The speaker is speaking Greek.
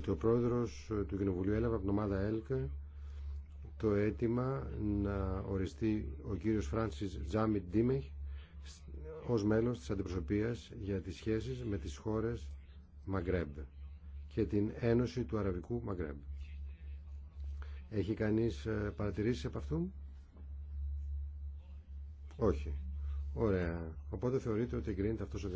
ότι ο πρόεδρος του Κοινοβουλίου έλαβε από την ομάδα ΕΛΚ το αίτημα να οριστεί ο κύριος Φράνσις Τζάμι Ντίμεχ ως μέλος της αντιπροσωπείας για τις σχέσεις με τις χώρες Μαγκρέμπ και την Ένωση του Αραβικού Μαγκρέμπ. Έχει κανείς ε, παρατηρήσει από αυτού? Όχι. Ωραία. Οπότε θεωρείτε ότι εγκρίνεται αυτός ο